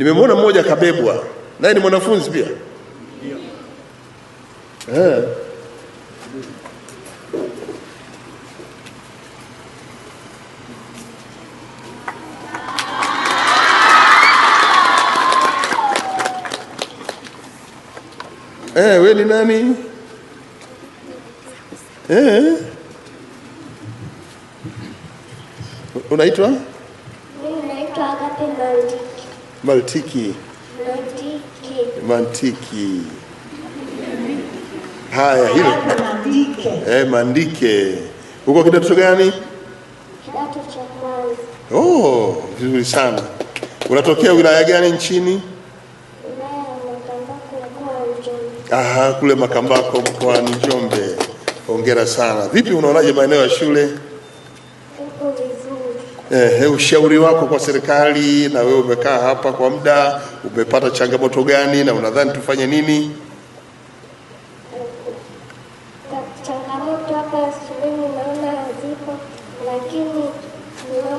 Nimemwona mmoja kabebwa, naye ni mwanafunzi pia eh. Eh, we ni nani? Eh. Unaitwa? Mimi naitwa Agape Mandi. Maltiki, mantiki, mantiki. Haya, hilo eh, mandike huko kidato gani? Kidato cha kwanza. Oh, vizuri sana. Unatokea wilaya gani nchini? Aha, kule Makambako mkoani Njombe. Hongera sana. Vipi, unaonaje maeneo ya shule? Eh, eh, ushauri wako kwa serikali, na wewe umekaa hapa kwa muda, umepata changamoto gani na unadhani tufanye nini? Changamoto hapa shuleni naona lakini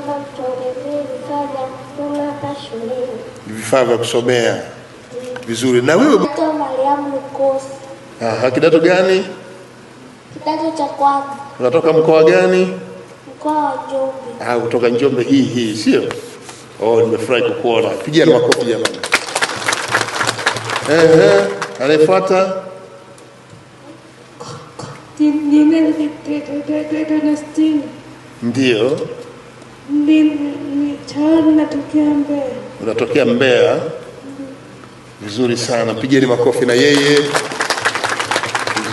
mtuongezee vifaa vya kusoma hapa shuleni, vifaa vya kusomea vizuri. Na wewe Mariamu Ah, kidato gani? Kidato cha kwanza. Unatoka mkoa gani? Ah, kutoka Njombe hii hii sio? Oh, nimefurahi kukuona. na makofi jamani. Ehe, anayefuata ndio unatokea Mbeya. Vizuri sana, pigeni makofi na yeye.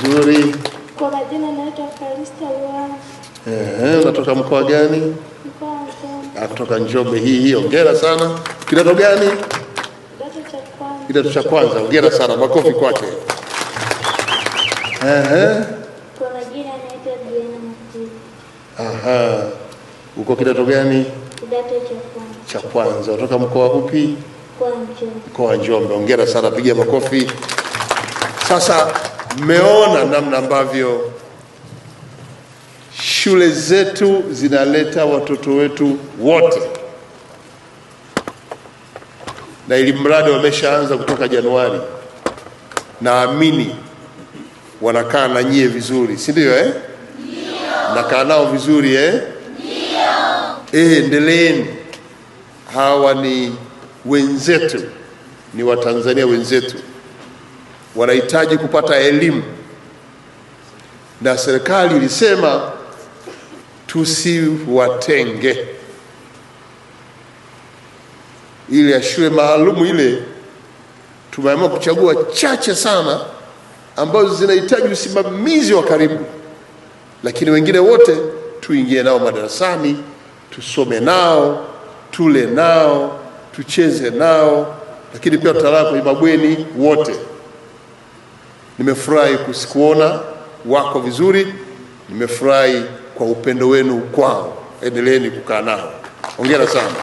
Vizuri. Kwa majina naitwa Kalista Luana. Eh, unatoka mkoa gani? Kutoka Njombe hii hii. Hongera sana. Kidato gani? Kidato cha kwanza. Hongera sana, makofi kwake. Aha. Uko kidato gani? Cha kwanza. Unatoka mkoa upi? Mkoa wa Njombe. Hongera sana, piga makofi. Sasa mmeona namna ambavyo Shule zetu zinaleta watoto wetu wote, na ili mradi wameshaanza kutoka Januari, naamini wanakaa na nyie vizuri, si ndio eh? nakaa nao vizuri eh? Eh, endeleeni. Hawa ni wenzetu, ni Watanzania wenzetu, wanahitaji kupata elimu, na serikali ilisema tusiwatenge. ili ya shule maalumu ile tumeamua kuchagua chache sana ambazo zinahitaji usimamizi wa karibu, lakini wengine wote tuingie nao madarasani, tusome nao, tule nao, tucheze nao, lakini pia tutalala kwenye mabweni wote. Nimefurahi kuona wako vizuri, nimefurahi kwa upendo wenu kwao. Endeleeni kukaa nao. Hongera sana.